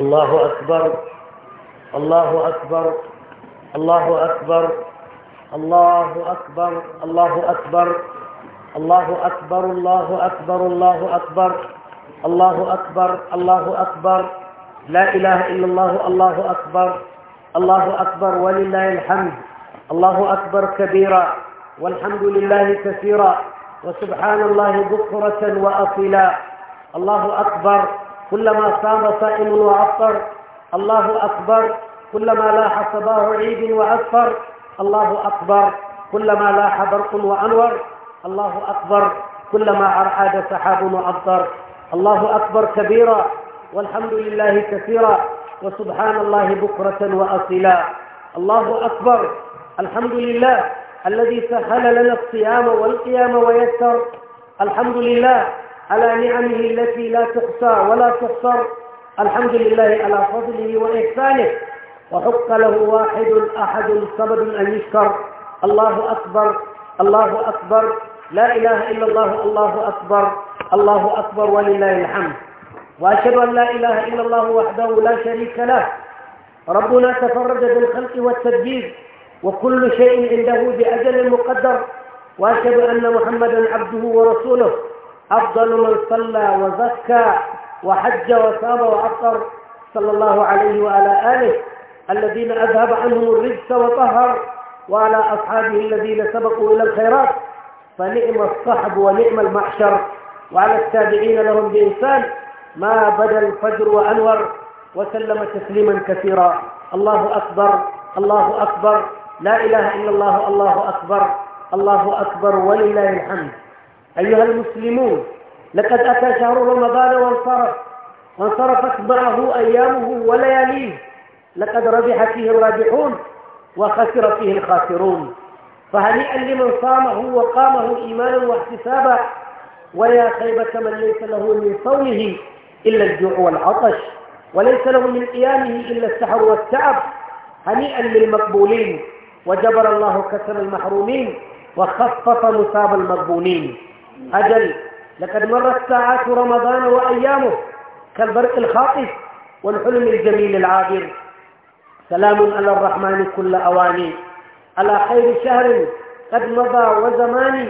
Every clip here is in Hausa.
الله أكبر الله أكبر الله أكبر الله أكبر الله أكبر الله أكبر الله أكبر الله أكبر الله أكبر الله أكبر لا إله إلا الله الله أكبر الله أكبر ولله الحمد الله أكبر كبيرا والحمد لله كثيرا وسبحان الله بكرة وأصيلا الله أكبر كلما صام صائم وأفطر الله أكبر كلما لاح صباح عيد وأسفر الله أكبر كلما لاح برق وأنور الله أكبر كلما ارعاد سحاب وأبطر الله أكبر كبيرا والحمد لله كثيرا وسبحان الله بكرة وأصيلا الله أكبر الحمد لله الذي سهل لنا الصيام والقيام ويسر الحمد لله على نعمه التي لا تحصى ولا تحصر الحمد لله على فضله وإحسانه وحق له واحد أحد سبب أن يشكر الله أكبر الله أكبر لا إله إلا الله الله أكبر الله أكبر ولله الحمد وأشهد أن لا إله إلا الله وحده لا شريك له ربنا تفرد بالخلق والتدبير وكل شيء عنده بأجل مقدر وأشهد أن محمدا عبده ورسوله أفضل من صلى وزكى وحج وصام وأفطر صلى الله عليه وعلى آله الذين أذهب عنهم الرجس وطهر وعلى أصحابه الذين سبقوا إلى الخيرات فنعم الصحب ونعم المحشر وعلى التابعين لهم بإنسان ما بدا الفجر وأنور وسلم تسليما كثيرا الله أكبر الله أكبر لا إله إلا الله الله أكبر الله أكبر ولله الحمد أيها المسلمون لقد أتى شهر رمضان وانصرف وانصرفت معه أيامه ولياليه لقد ربح فيه الرابحون وخسر فيه الخاسرون فهنيئا لمن صامه وقامه إيمانا واحتسابا ويا خيبة من ليس له من صومه إلا الجوع والعطش وليس له من قيامه إلا السحر والتعب هنيئا للمقبولين وجبر الله كسر المحرومين وخفف مصاب المغبونين أجل لقد مرت ساعات رمضان وأيامه كالبرق الخاطف والحلم الجميل العابر سلام على الرحمن كل أواني على خير شهر قد مضى وزمان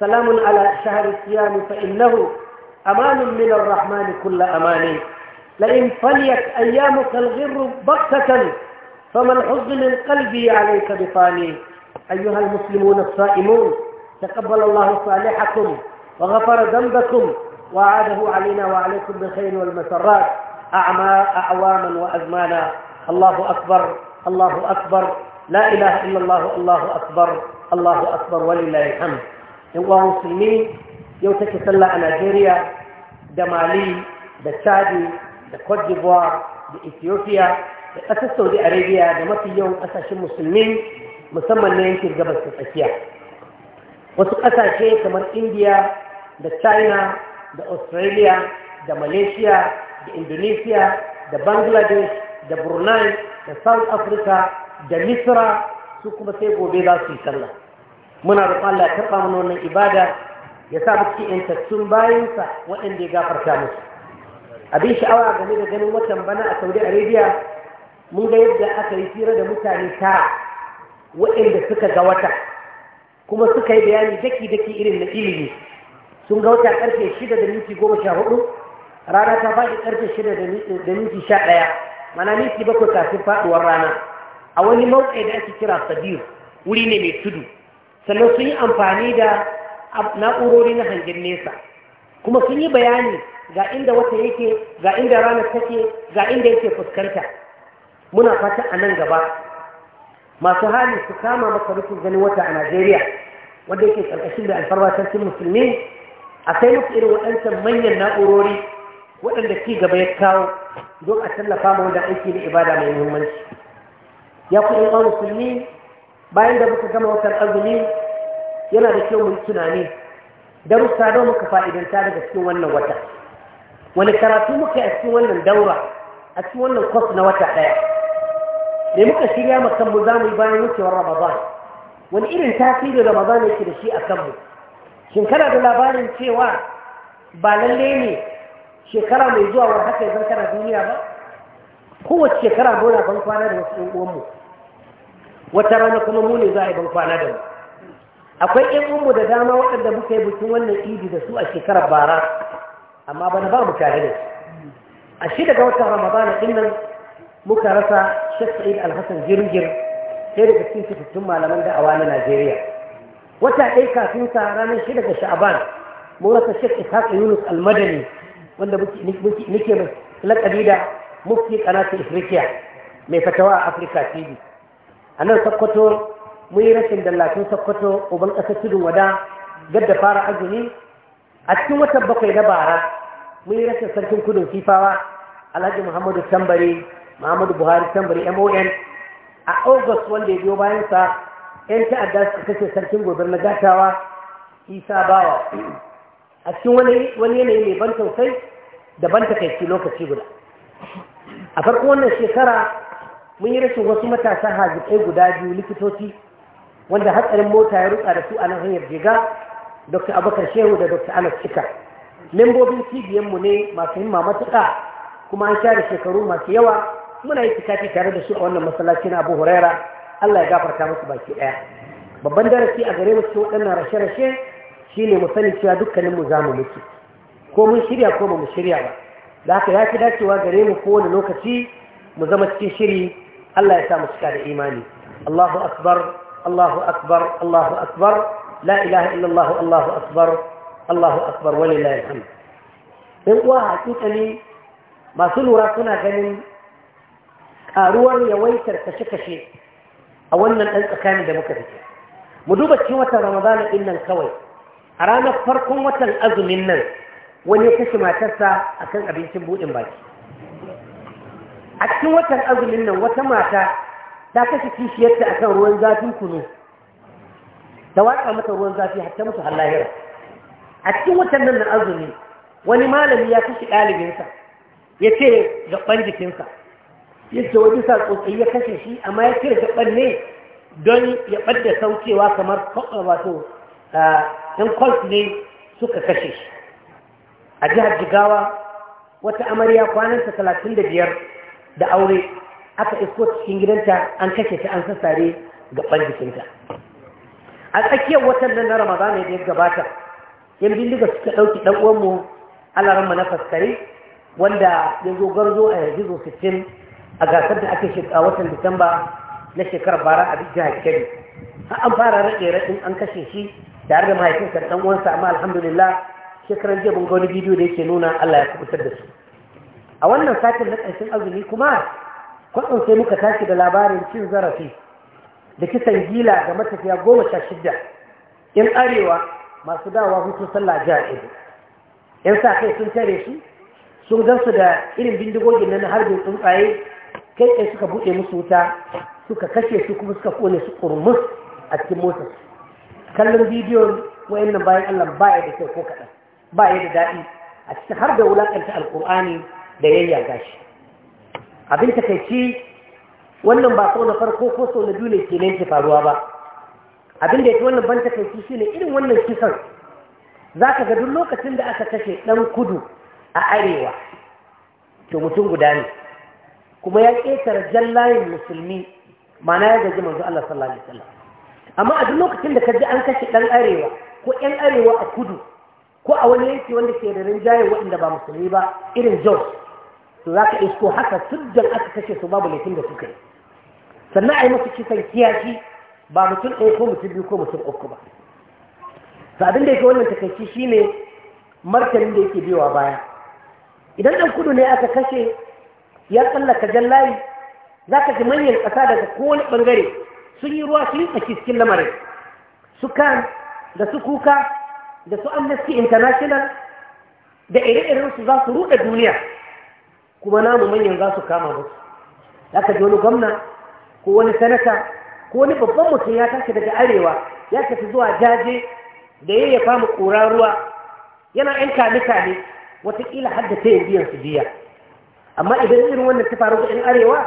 سلام على شهر الصيام فإنه أمان من الرحمن كل أمان لئن فليت أيامك الغر بغتة فما الحزن من قلبي عليك بطاني أيها المسلمون الصائمون تقبل الله صالحكم وغفر ذنبكم وعاده علينا وعليكم بالخير والمسرات أعمى أعواما وأزمانا الله أكبر الله أكبر لا إله إلا الله الله أكبر الله أكبر ولله الحمد هو مسلمين يوم تكسل على جيريا دمالي دشادي دكوت ديفوار دإثيوبيا أسسوا دي أريبيا دمتي يوم أسس المسلمين مسمى نينتي قبل الأشياء wasu ƙasashe kamar India, da china da australia da malaysia da indonesia da bangladesh da brunei da south africa da misra su kuma sai gobe za su yi sallah muna da Allah ya karɓa mana wannan ibada ya sa muke yantattun bayansa waɗanda ya gafarta musu abin sha'awa game da ganin watan bana a saudi arabia mun ga yadda aka yi fira da mutane ta waɗanda suka ga wata kuma suka yi bayani daki-daki irin na ilimi sun ga wata karfe shida da minti goma rana ta faɗi karfe shida da minti sha mana minti bakwai kafin faɗuwar rana a wani mawuƙai da ake kira sadir wuri ne mai tudu sannan sun yi amfani da na'urori na hangen nesa kuma sun yi bayani ga inda wata yake ga inda rana take ga inda yake fuskanta muna fata a nan gaba masu hali su kama maka rufin ganin wata a najeriya wanda yake karkashin da alfarwa cin musulmi a kai musu irin waɗancan manyan na'urori waɗanda ci gaba ya kawo don a tallafa ma wanda aiki da ibada mai muhimmanci ya ku ɗan musulmi bayan da muka gama watan azumi yana da kyau mu yi tunani darussa don muka fa'idanta daga cikin wannan wata wani karatu muka yi a cikin wannan daura a cikin wannan kwas na wata ɗaya da muka shirya ma kanmu mu yi bayan wucewar ramadan wani irin tasiri ramadan yake da shi a kanmu shin kana da labarin cewa ba lalle ne shekara mai zuwa war haka yanzu kana duniya ba kowace shekara muna ban kwana da wasu ɗan uwanmu wata rana kuma mu ne za a yi ban kwana da mu akwai ƴan uwanmu da dama waɗanda muka yi bikin wannan idi da su a shekarar bara amma bana ba mu tare da su a shi daga wata ramadana ɗin nan muka rasa Sheikh Sa'id AlHassan hassan Jirgir sai da cikin fitattun malaman da'awa na Najeriya wata ɗaya kafin sa ranar shida ga Sha'aban mun rasa Sheikh Ishaq Yunus Al-Madani wanda muke muke lakabi da mufti kanatin Afrika mai fatawa a Africa TV a nan Sokoto mun yi rashin dallacin Sokoto uban ƙasar tudun wada gadda fara azumi a cikin watan bakwai na bara mun yi rashin sarkin kudin fifawa Alhaji Muhammadu Tambari muhammadu buhari tambari mon a august wanda ya biyo sa yan ta'adda suka kashe sarkin gobir na gatawa isa bawa a cikin wani yanayi mai ban tausayi da ban takaici lokaci guda a farko wannan shekara mun yi rashin wasu matasa hazikai guda biyu likitoci wanda hatsarin mota ya rutsa da su a nan hanyar jiga dr abubakar shehu da dr anas cika membobin cibiyarmu ne masu himma matuƙa kuma an share shekaru masu yawa muna yi tikafi tare da su a wannan masallaci na abu huraira allah ya gafarta musu baki ɗaya babban darasi a gare mu cikin waɗannan rashe-rashe shine mu sani cewa dukkanin mu za mu mutu ko mun shirya ko ba mu shirya ba da haka ya fi dacewa gare mu kowane lokaci mu zama cikin shiri allah ya sa mu cika da imani allahu akbar allahu akbar allahu akbar la ilaha illallah allahu akbar allahu akbar walillahi alhamd in uwa hakika ne masu lura suna ganin karuwar yawaitar kashe-kashe a wannan ɗan tsakani da muka fice mu duba cikin watan ramadana ɗin nan kawai a ranar farkon watan azumin nan wani ya kashe matarsa a kan abincin buɗin baki a cikin watan azumin nan wata mata ta kashe kishiyarta a kan ruwan zafin kunu ta watsa mata ruwan zafi hatta mutu hallahira a cikin watan nan na azumi wani malami ya kashe ɗalibinsa ya ce gaban jikinsa yadda wani sa tsotsai ya kashe shi amma ya cire gaban ne don ya ɓadda saukewa kamar wato ɗan kwalf ne suka kashe shi a jihar jigawa wata amarya kwananta talatin da biyar da aure aka isko cikin gidanta an kashe ta an sassare ga jikinta a tsakiyar watan nan na ramadana da ya gabata yan bindiga suka ɗauki ɗan uwanmu alaranmu na faskare wanda ya zo garzo a yanzu a gasar da ake a watan disamba na shekarar bara a duk jihar kebbi an fara rage raɗin an kashe shi tare da mahaifinsa da uwansa amma alhamdulillah shekarar jiya bunga wani bidiyo da yake nuna allah ya kubutar da su a wannan satin na ƙarshen azumi kuma kwatsun sai muka tashi da labarin cin zarafi da kisan gila da matafiya goma sha shida yan arewa masu dawa hutu sallah jihar edo yan sa kai sun tare shi sun gansu da irin bindigogin na harbin tsuntsaye kai kai suka buɗe musu wuta suka kashe su kuma suka kone su ƙurmus a cikin motar kallon bidiyon nan bayan Allah ba ya da kyau ko kaɗan ba ya da daɗi a cikin har da wulaƙanta alƙur'ani da yayya gashi abin takaici wannan ba so na farko ko sau na biyu ne ke ne ke faruwa ba abin da ya fi wannan ban takaici shi ne irin wannan kisan za ka ga duk lokacin da aka kashe ɗan kudu a arewa to mutum guda ne kuma ya ƙetare jallayin musulmi mana ya gaji manzu Allah sallallahu alaihi wasallam amma a duk lokacin da ka kaji an kashe ɗan arewa ko 'yan arewa a kudu ko a wani yanki wanda ke da rinjaye waɗanda ba musulmi ba irin Jos to za ka isko haka tuddan aka kashe su babu laifin da suka yi sannan a yi musu kisan kiyashi ba mutum ɗaya ko mutum biyu ko mutum uku ba sabin da yake wannan takaici shi ne martanin da yake biyowa baya idan ɗan kudu ne aka kashe ya tsallaka jallayi za ka ji manyan ƙasa daga kowane ɓangare sun yi ruwa sun yi tsaki cikin lamarin su kan da su kuka da su amnesty international da ire su za su ruɗe duniya kuma namu manyan za su kama musu za ka ji wani gwamna ko wani sanata ko wani babban mutum ya tashi daga arewa ya tafi zuwa jaje da ya yi fama ƙura ruwa yana ‘yan kame-kame watakila haddace yin biyan su biya amma idan irin wannan ta faru in arewa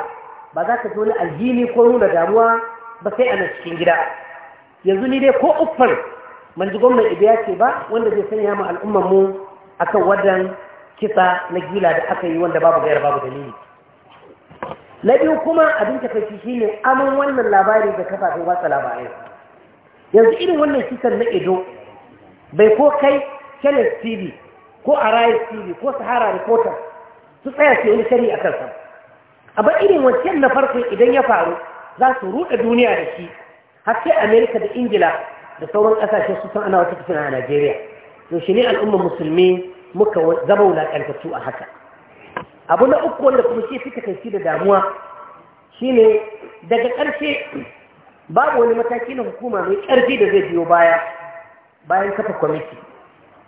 ba za ka zo aljini ko nuna damuwa ba sai ana cikin gida yanzu ni dai ko uffar manji gwamnan ya ce ba wanda zai sanya ma al'ummar mu akan wadan kisa na gila da aka yi wanda babu gayar babu dalili na biyu kuma abin takaici shine aman wannan labari da kafafen watsa labarai yanzu irin wannan kisan na ido bai ko kai channel tv ko arise tv ko sahara reporters su tsaya su wani shari a kansa a ba irin wancan na farko idan ya faru za su ruɗe duniya da shi har sai amerika da ingila da sauran ƙasashe su san ana wata fitina a najeriya to shi ne al'ummar musulmi muka zama wulaƙantattu a haka abu na uku wanda kuma shi fi takaici da damuwa shine daga ƙarshe babu wani mataki na hukuma mai ƙarfi da zai biyo baya bayan kafa kwamiti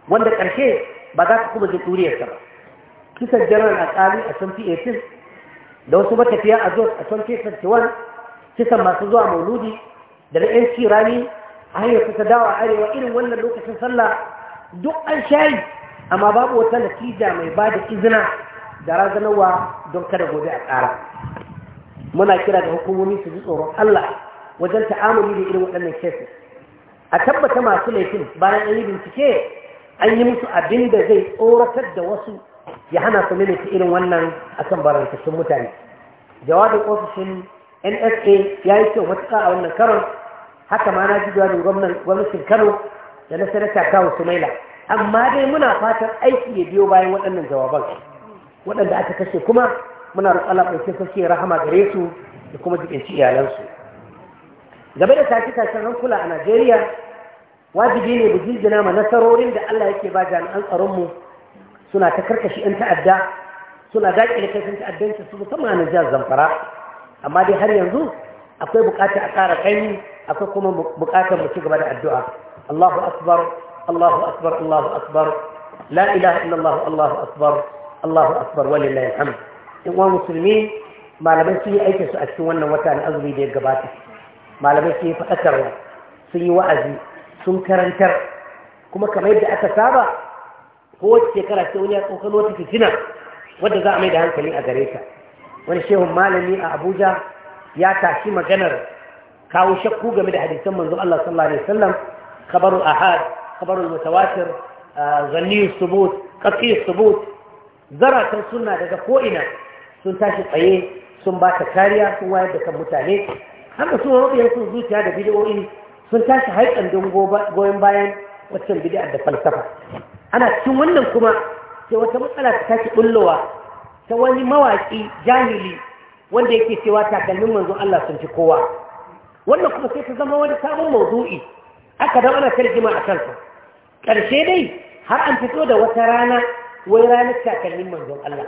wanda ƙarshe ba za ka kuma ji ba kisan janar alƙali a 2018 da wasu matafiya a zuwa a 2021 kisan masu zuwa mauludi da na 'yan rani a hanyar kusa dawa arewa irin wannan lokacin sallah duk an shayi amma babu wata natija mai ba da izina da razanarwa don kada gobe a ƙara muna kira da hukumomi su ji tsoron allah wajen ta'amuli da irin waɗannan kesis a tabbata masu laifin bayan an yi bincike an yi musu abin da zai tsoratar da wasu ya hana su ta irin wannan a akan barantattun mutane jawabin ofishin nsa ya yi kyau matuƙa a wannan karon haka ma na ji jawabin gwamnatin kano da na sanata kawo sumaila amma dai muna fatan aiki ya biyo bayan waɗannan jawaban waɗanda aka kashe kuma muna roƙon Allah ɗauke rahama gare su da kuma jikinci iyalansu game da tashi tashin hankula a Najeriya wajibi ne mu jinjina ma nasarorin da Allah yake ba jami'an tsaronmu suna ta karkashi yan ta'adda suna daƙile kaifin ta'addanci su musamman a Nijar Zamfara amma dai har yanzu akwai buƙatar a ƙara ƙaimi akwai kuma bukatar mu ci gaba da addu'a Allahu asbar Allahu asbar Allahu asbar la ilaha illallah Allahu asbar Allahu akbar walillahi ham. in wa musulmi malamai sun yi aikin su a cikin wannan wata na azumi da ya gabata malamai sun yi faɗakarwa sun yi wa'azi sun karantar kuma kamar yadda aka saba ko wacce shekara ce wani ya tsokano wata fitina wadda za a mai da hankali a gare ta wani shehun malami a abuja ya tashi maganar kawo shakku game da hadisan manzo Allah sallallahu alaihi wasallam khabaru ahad khabaru mutawatir zanni subut qati subut zaratan sunna daga ko'ina sun tashi tsaye sun ba ta kariya sun wayar da kan mutane haka su mabiyan sun zuciya da bidiyoyi sun tashi haikan don goyon bayan waccan bidiyar da falsafa ana cikin wannan kuma sai wata matsala ta tashi bullowa ta wani mawaƙi jahili wanda yake cewa takalmin manzon Allah sun fi kowa wannan kuma sai ta zama wani sabon mawdu'i aka dan ana tarjima a kansa ƙarshe dai har an fito da wata rana wai ranar takalmin manzon Allah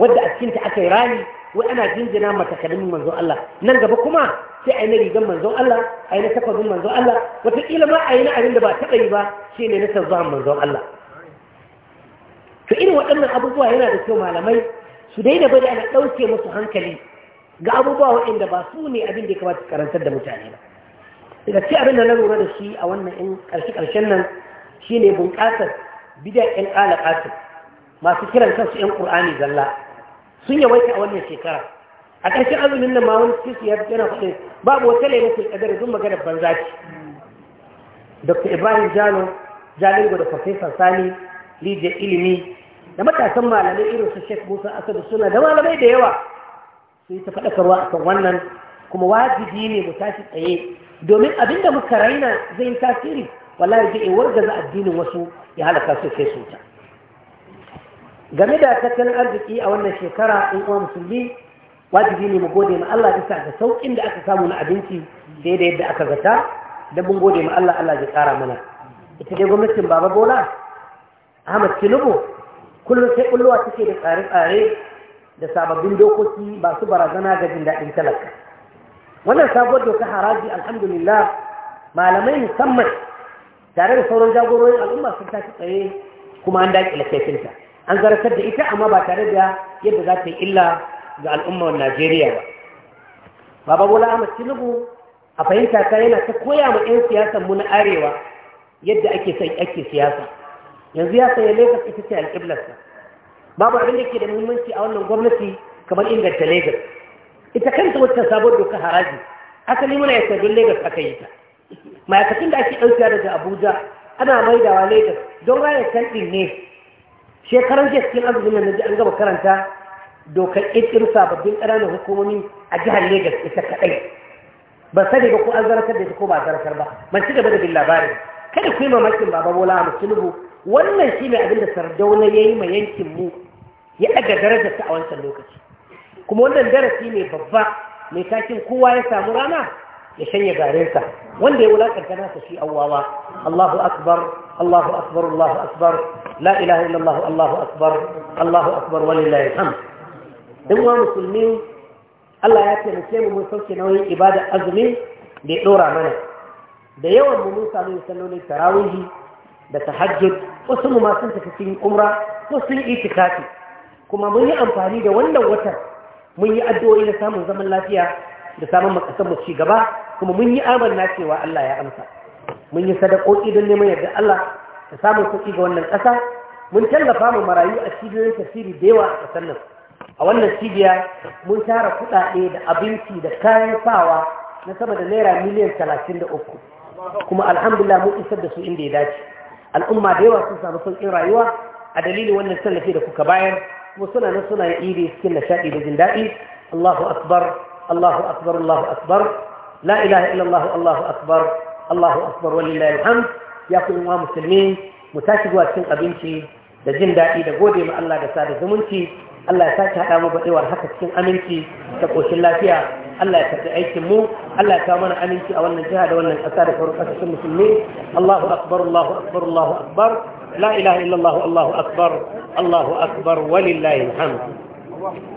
wadda a cikinta aka yi rani wai ana jinjina ma takalmin manzon Allah nan gaba kuma sai a yi na rigar manzon Allah a yi na takwazin manzon Allah wataƙila ma a yi na abin da ba taɓa yi ba shi ne na tazuwan manzon Allah to irin waɗannan abubuwa yana da kyau malamai su daina bari ana ɗauke musu hankali ga abubuwa waɗanda ba su ne abin da ya kamata karantar da mutane ba daga cikin abin da na lura da shi a wannan in ƙarshe-ƙarshen nan shi ne bunƙasar bidan ƴan ƙalaƙasir masu kiran kansu ƴan ƙur'ani zalla sun yawaita a wannan shekara a ƙarshen azumin nan ma wani cikin ya yana faɗi babu wata laimatul ƙadar zuma gada banza ce dr ibrahim jalo jalingo da professor sani lidiyar ilimi da matasan malamai irin su Sheikh Musa Asadu suna da malamai da yawa su yi ta faɗakarwa a kan wannan kuma wajibi ne mu tashi tsaye domin abin da muka raina zai yi tasiri wallahi zai wargaza addinin wasu ya halaka su sai su ta game da tattalin arziki a wannan shekara in uwa musulmi wajibi ne mu gode ma Allah bisa ga saukin da aka samu na abinci daidai da yadda aka zata da mun gode ma Allah Allah ya tsara mana ita dai gwamnatin baba Bola Ahmad Tinubu kullum sai kullowa take da tsare-tsare da sababbin dokoki ba su barazana ga jin daɗin talaka wannan sabuwar doka haraji alhamdulillah malamai musamman tare da sauran jagororin al'umma sun tashi tsaye kuma an daƙile kaifinta an zartar da ita amma ba tare da yadda za ta yi illa ga al'ummar najeriya ba baba bola ahmad tinubu a fahimta ta yana ta koya ma 'yan siyasan mu na arewa yadda ake son ake siyasa yanzu ya sayi Legas ita ce alƙiblarsa babu abin da ke da muhimmanci a wannan gwamnati kamar inganta Legas. ita kanta wacce sabon doka haraji asali muna yasa don Legas aka yi ta ma'aikacin da ake ɗauka daga Abuja ana maidawa Legas don rayar kan ne shekaran jiya cikin azumin nan ji an gaba karanta dokar ƙirƙiro sababbin ƙananan hukumomi a jihar Legas ita kaɗai ba sani ba ko an zaratar da ita ko ba zaratar ba ban ci gaba da bin labarin kada ku yi mamakin baba bola a musulmu wannan shi ne abinda sardauna ya yi ma yankinmu ya ɗaga ta a wancan lokaci kuma wannan darasi ne babba mai takin kowa ya samu rana ya shanya garinsa wanda ya wulakanta nasa shi awwawa Allahu akbar Allahu akbar Allahu akbar la ilaha illallah Allahu akbar Allahu akbar walillahi alhamd dan wa musulmi Allah ya taimake mu mun sauke nauyin ibada azumi da ya dora mana da yawan mu mun samu sallolin tarawihi da tahajjud wasu mu ma sun tafi sun umra ko sun yi itikafi kuma mun yi amfani da wannan watan mun yi addu'o'i na samun zaman lafiya da samun makasar mu ci gaba kuma mun yi amanna cewa Allah ya amsa mun yi sadakoki don neman yarda Allah da samun sauki ga wannan ƙasa mun tallafa mu marayu a cibiyoyin tasiri da yawa a ƙasar nan a wannan cibiya mun tara kuɗaɗe da abinci da kayan sawa na sama da naira miliyan talatin da uku kuma alhamdulillah mun isar da su inda ya dace al'umma da yawa sun samu sauƙin rayuwa a dalilin wannan tallafi da kuka bayar kuma suna nan suna yi iri cikin nishaɗi da jin daɗi Allahu akbar Allahu akbar Allahu akbar la ilaha illallah Allahu akbar Allahu akbar walillahi alhamd ya ku wa musulmi mu tashi zuwa cikin abinci da jin daɗi da gode ma Allah da sada zumunci Allah ya sake haɗa mu baɗewar haka cikin aminci da ƙoshin lafiya Allah ya karɓi aikin mu Allah ya kawo mana aminci a wannan jiha da wannan ƙasa da sauran ƙasashen musulmi Allahu akbar Allahu akbar Allahu akbar la ilaha illallah Allahu akbar Allahu akbar walillahi alhamd